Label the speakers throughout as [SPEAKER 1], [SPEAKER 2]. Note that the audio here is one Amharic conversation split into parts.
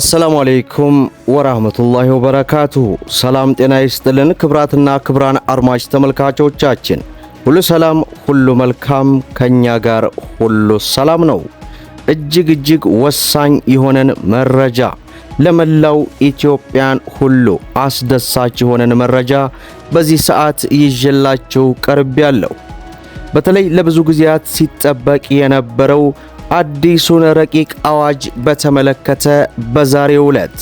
[SPEAKER 1] አሰላሙ አለይኩም ወራህመቱላሂ ወበረካቱሁ። ሰላም ጤና ይስጥልን። ክብራትና ክብራን አድማጭ ተመልካቾቻችን ሁሉ ሰላም፣ ሁሉ መልካም፣ ከኛ ጋር ሁሉ ሰላም ነው። እጅግ እጅግ ወሳኝ የሆነን መረጃ ለመላው ኢትዮጵያን ሁሉ አስደሳች የሆነን መረጃ በዚህ ሰዓት ይዤላችሁ ቀርቤያለሁ። በተለይ ለብዙ ጊዜያት ሲጠበቅ የነበረው አዲሱን ረቂቅ አዋጅ በተመለከተ በዛሬው ዕለት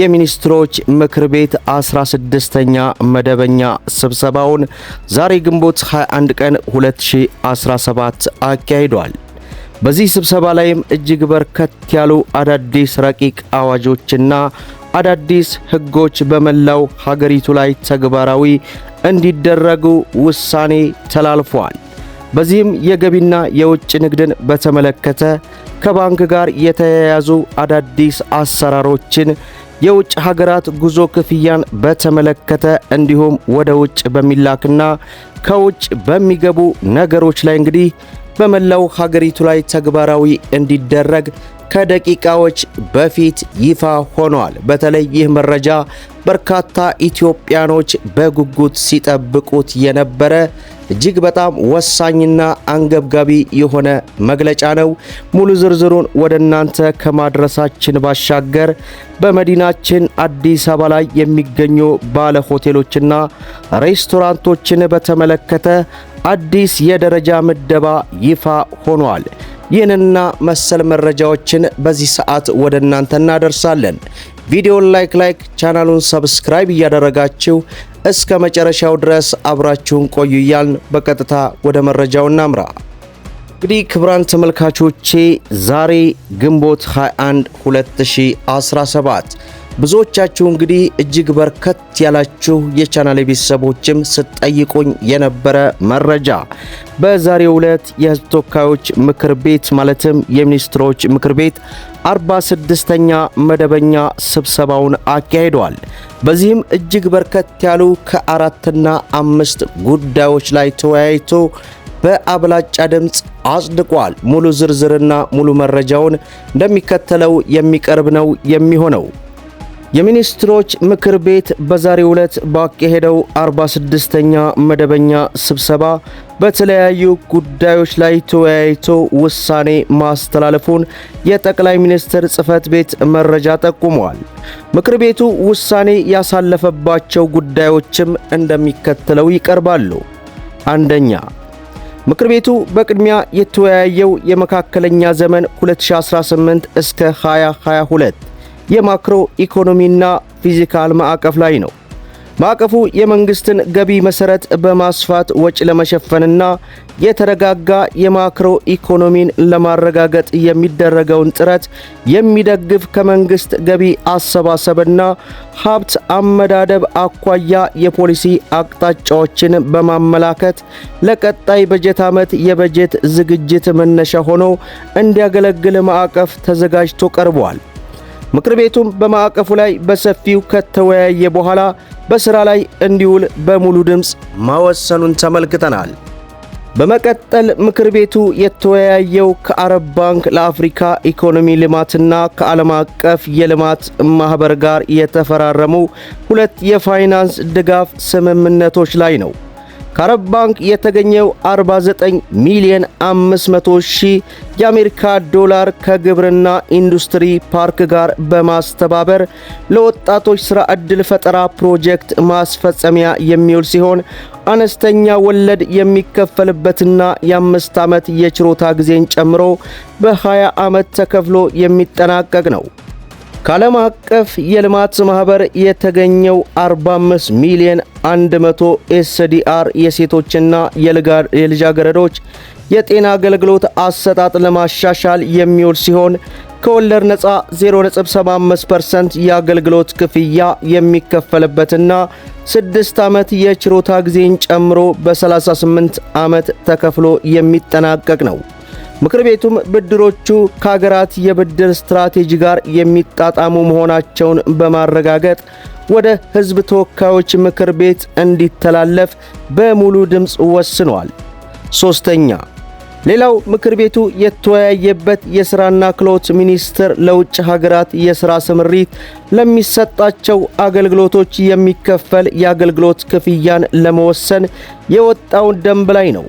[SPEAKER 1] የሚኒስትሮች ምክር ቤት 16ኛ መደበኛ ስብሰባውን ዛሬ ግንቦት 21 ቀን 2017 አካሂዷል። በዚህ ስብሰባ ላይም እጅግ በርከት ያሉ አዳዲስ ረቂቅ አዋጆችና አዳዲስ ሕጎች በመላው ሀገሪቱ ላይ ተግባራዊ እንዲደረጉ ውሳኔ ተላልፏል። በዚህም የገቢና የውጭ ንግድን በተመለከተ ከባንክ ጋር የተያያዙ አዳዲስ አሰራሮችን፣ የውጭ ሀገራት ጉዞ ክፍያን በተመለከተ እንዲሁም ወደ ውጭ በሚላክና ከውጭ በሚገቡ ነገሮች ላይ እንግዲህ በመላው ሀገሪቱ ላይ ተግባራዊ እንዲደረግ ከደቂቃዎች በፊት ይፋ ሆኗል። በተለይ ይህ መረጃ በርካታ ኢትዮጵያኖች በጉጉት ሲጠብቁት የነበረ እጅግ በጣም ወሳኝና አንገብጋቢ የሆነ መግለጫ ነው። ሙሉ ዝርዝሩን ወደ እናንተ ከማድረሳችን ባሻገር በመዲናችን አዲስ አበባ ላይ የሚገኙ ባለ ሆቴሎችና ሬስቶራንቶችን በተመለከተ አዲስ የደረጃ ምደባ ይፋ ሆኗል። ይህንና መሰል መረጃዎችን በዚህ ሰዓት ወደ እናንተ እናደርሳለን። ቪዲዮን ላይክ ላይክ ቻናሉን ሰብስክራይብ እያደረጋችሁ እስከ መጨረሻው ድረስ አብራችሁን ቆዩ እያልን በቀጥታ ወደ መረጃው እናምራ። እንግዲህ ክብራን ተመልካቾቼ ዛሬ ግንቦት 21 2017 ብዙዎቻችሁ እንግዲህ እጅግ በርከት ያላችሁ የቻናል ቤተሰቦችም ስትጠይቁኝ የነበረ መረጃ በዛሬው ዕለት የሕዝብ ተወካዮች ምክር ቤት ማለትም የሚኒስትሮች ምክር ቤት 46ኛ መደበኛ ስብሰባውን አካሂዷል። በዚህም እጅግ በርከት ያሉ ከአራትና አምስት ጉዳዮች ላይ ተወያይቶ በአብላጫ ድምፅ አጽድቋል። ሙሉ ዝርዝርና ሙሉ መረጃውን እንደሚከተለው የሚቀርብ ነው የሚሆነው የሚኒስትሮች ምክር ቤት በዛሬው ዕለት ባካሄደው 46ኛ መደበኛ ስብሰባ በተለያዩ ጉዳዮች ላይ ተወያይቶ ውሳኔ ማስተላለፉን የጠቅላይ ሚኒስትር ጽህፈት ቤት መረጃ ጠቁመዋል። ምክር ቤቱ ውሳኔ ያሳለፈባቸው ጉዳዮችም እንደሚከተለው ይቀርባሉ። አንደኛ ምክር ቤቱ በቅድሚያ የተወያየው የመካከለኛ ዘመን 2018 እስከ 2022 የማክሮ ኢኮኖሚና ፊዚካል ማዕቀፍ ላይ ነው። ማዕቀፉ የመንግስትን ገቢ መሰረት በማስፋት ወጪ ለመሸፈንና የተረጋጋ የማክሮ ኢኮኖሚን ለማረጋገጥ የሚደረገውን ጥረት የሚደግፍ ከመንግስት ገቢ አሰባሰብና ሀብት አመዳደብ አኳያ የፖሊሲ አቅጣጫዎችን በማመላከት ለቀጣይ በጀት ዓመት የበጀት ዝግጅት መነሻ ሆኖ እንዲያገለግል ማዕቀፍ ተዘጋጅቶ ቀርቧል። ምክር ቤቱም በማዕቀፉ ላይ በሰፊው ከተወያየ በኋላ በሥራ ላይ እንዲውል በሙሉ ድምፅ መወሰኑን ተመልክተናል። በመቀጠል ምክር ቤቱ የተወያየው ከአረብ ባንክ ለአፍሪካ ኢኮኖሚ ልማትና ከዓለም አቀፍ የልማት ማኅበር ጋር የተፈራረሙ ሁለት የፋይናንስ ድጋፍ ስምምነቶች ላይ ነው። ከአረብ ባንክ የተገኘው 49 ሚሊዮን 500 ሺህ የአሜሪካ ዶላር ከግብርና ኢንዱስትሪ ፓርክ ጋር በማስተባበር ለወጣቶች ሥራ ዕድል ፈጠራ ፕሮጀክት ማስፈጸሚያ የሚውል ሲሆን አነስተኛ ወለድ የሚከፈልበትና የአምስት ዓመት የችሮታ ጊዜን ጨምሮ በ20 ዓመት ተከፍሎ የሚጠናቀቅ ነው። ከዓለም አቀፍ የልማት ማህበር የተገኘው 45 ሚሊዮን 100 ኤስዲአር የሴቶችና የልጃገረዶች የጤና አገልግሎት አሰጣጥ ለማሻሻል የሚውል ሲሆን ከወለድ ነፃ 0.75% የአገልግሎት ክፍያ የሚከፈልበትና 6 ዓመት የችሮታ ጊዜን ጨምሮ በ38 ዓመት ተከፍሎ የሚጠናቀቅ ነው። ምክር ቤቱም ብድሮቹ ከሀገራት የብድር ስትራቴጂ ጋር የሚጣጣሙ መሆናቸውን በማረጋገጥ ወደ ሕዝብ ተወካዮች ምክር ቤት እንዲተላለፍ በሙሉ ድምፅ ወስኗል። ሦስተኛ፣ ሌላው ምክር ቤቱ የተወያየበት የሥራና ክህሎት ሚኒስቴር ለውጭ ሀገራት የሥራ ስምሪት ለሚሰጣቸው አገልግሎቶች የሚከፈል የአገልግሎት ክፍያን ለመወሰን የወጣውን ደንብ ላይ ነው።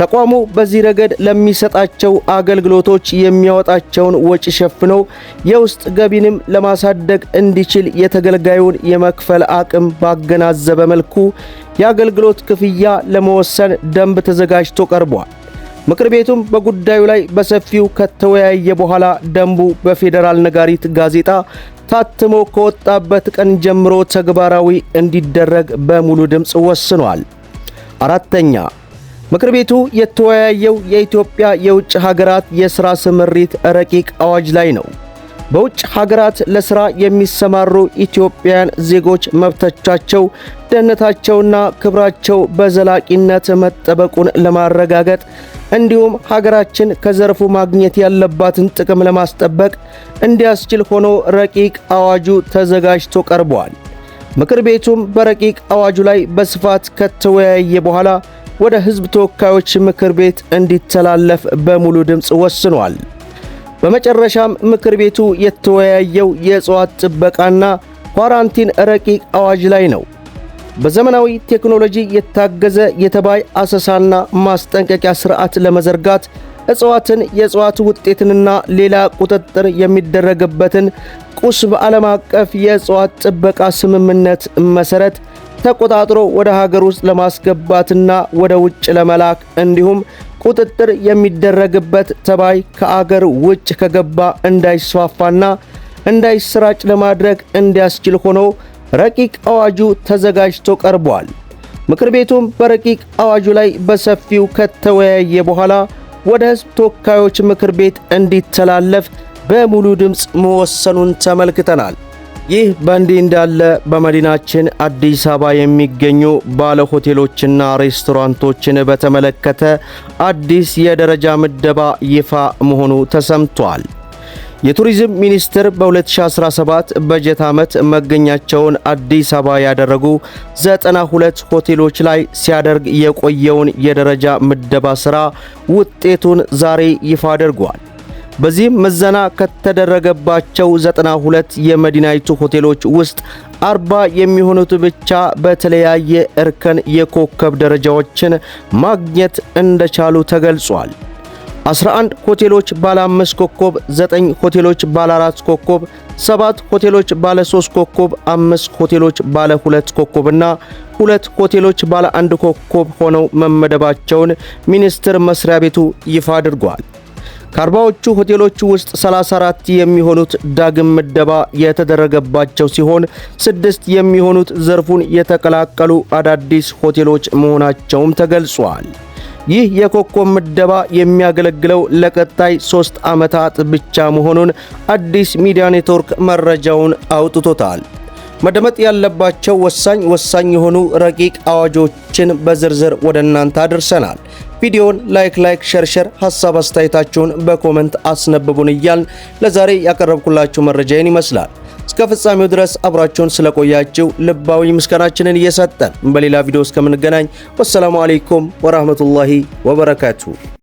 [SPEAKER 1] ተቋሙ በዚህ ረገድ ለሚሰጣቸው አገልግሎቶች የሚያወጣቸውን ወጪ ሸፍኖ የውስጥ ገቢንም ለማሳደግ እንዲችል የተገልጋዩን የመክፈል አቅም ባገናዘበ መልኩ የአገልግሎት ክፍያ ለመወሰን ደንብ ተዘጋጅቶ ቀርቧል። ምክር ቤቱም በጉዳዩ ላይ በሰፊው ከተወያየ በኋላ ደንቡ በፌዴራል ነጋሪት ጋዜጣ ታትሞ ከወጣበት ቀን ጀምሮ ተግባራዊ እንዲደረግ በሙሉ ድምፅ ወስኗል። አራተኛ ምክር ቤቱ የተወያየው የኢትዮጵያ የውጭ ሀገራት የሥራ ስምሪት ረቂቅ አዋጅ ላይ ነው። በውጭ ሀገራት ለሥራ የሚሰማሩ ኢትዮጵያውያን ዜጎች መብቶቻቸው፣ ደህንነታቸውና ክብራቸው በዘላቂነት መጠበቁን ለማረጋገጥ እንዲሁም ሀገራችን ከዘርፉ ማግኘት ያለባትን ጥቅም ለማስጠበቅ እንዲያስችል ሆኖ ረቂቅ አዋጁ ተዘጋጅቶ ቀርቧል። ምክር ቤቱም በረቂቅ አዋጁ ላይ በስፋት ከተወያየ በኋላ ወደ ሕዝብ ተወካዮች ምክር ቤት እንዲተላለፍ በሙሉ ድምፅ ወስኗል። በመጨረሻም ምክር ቤቱ የተወያየው የእጽዋት ጥበቃና ኳራንቲን ረቂቅ አዋጅ ላይ ነው። በዘመናዊ ቴክኖሎጂ የታገዘ የተባይ አሰሳና ማስጠንቀቂያ ሥርዓት ለመዘርጋት እጽዋትን፣ የእጽዋት ውጤትንና ሌላ ቁጥጥር የሚደረግበትን ቁስ በዓለም አቀፍ የእጽዋት ጥበቃ ስምምነት መሠረት ተቆጣጥሮ ወደ ሀገር ውስጥ ለማስገባትና ወደ ውጭ ለመላክ እንዲሁም ቁጥጥር የሚደረግበት ተባይ ከአገር ውጭ ከገባ እንዳይስፋፋና እንዳይሰራጭ ለማድረግ እንዲያስችል ሆኖ ረቂቅ አዋጁ ተዘጋጅቶ ቀርቧል። ምክር ቤቱም በረቂቅ አዋጁ ላይ በሰፊው ከተወያየ በኋላ ወደ ሕዝብ ተወካዮች ምክር ቤት እንዲተላለፍ በሙሉ ድምፅ መወሰኑን ተመልክተናል። ይህ በእንዲህ እንዳለ በመዲናችን አዲስ አበባ የሚገኙ ባለ ሆቴሎችና ሬስቶራንቶችን በተመለከተ አዲስ የደረጃ ምደባ ይፋ መሆኑ ተሰምቷል። የቱሪዝም ሚኒስቴር በ2017 በጀት ዓመት መገኛቸውን አዲስ አበባ ያደረጉ 92 ሆቴሎች ላይ ሲያደርግ የቆየውን የደረጃ ምደባ ሥራ ውጤቱን ዛሬ ይፋ አድርጓል። በዚህም ምዘና ከተደረገባቸው 92 የመዲናይቱ ሆቴሎች ውስጥ 40 የሚሆኑት ብቻ በተለያየ እርከን የኮከብ ደረጃዎችን ማግኘት እንደቻሉ ተገልጿል። 11 ሆቴሎች ባለ 5 ኮከብ፣ 9 ሆቴሎች ባለ 4 ኮከብ፣ 7 ሆቴሎች ባለ 3 ኮከብ፣ 5 ሆቴሎች ባለ 2 ኮከብና 2 ሆቴሎች ባለ 1 ኮከብ ሆነው መመደባቸውን ሚኒስቴር መስሪያ ቤቱ ይፋ አድርጓል። ከአርባዎቹ ሆቴሎች ውስጥ 34 የሚሆኑት ዳግም ምደባ የተደረገባቸው ሲሆን ስድስት የሚሆኑት ዘርፉን የተቀላቀሉ አዳዲስ ሆቴሎች መሆናቸውም ተገልጿል። ይህ የኮከብ ምደባ የሚያገለግለው ለቀጣይ ሦስት ዓመታት ብቻ መሆኑን አዲስ ሚዲያ ኔትወርክ መረጃውን አውጥቶታል። መደመጥ ያለባቸው ወሳኝ ወሳኝ የሆኑ ረቂቅ አዋጆችን በዝርዝር ወደ እናንተ አድርሰናል። ቪዲዮን ላይክ ላይክ ሸርሸር ሀሳብ አስተያየታችሁን በኮመንት አስነብቡን እያል ለዛሬ ያቀረብኩላችሁ ይህን ይመስላል። እስከ ፍጻሜው ድረስ አብራችሁን ስለቆያችሁ ልባዊ ምስጋናችንን እየሰጠን በሌላ ቪዲዮ እስከምንገናኝ ወሰላሙ አሌይኩም ወራህመቱላሂ ወበረካቱ።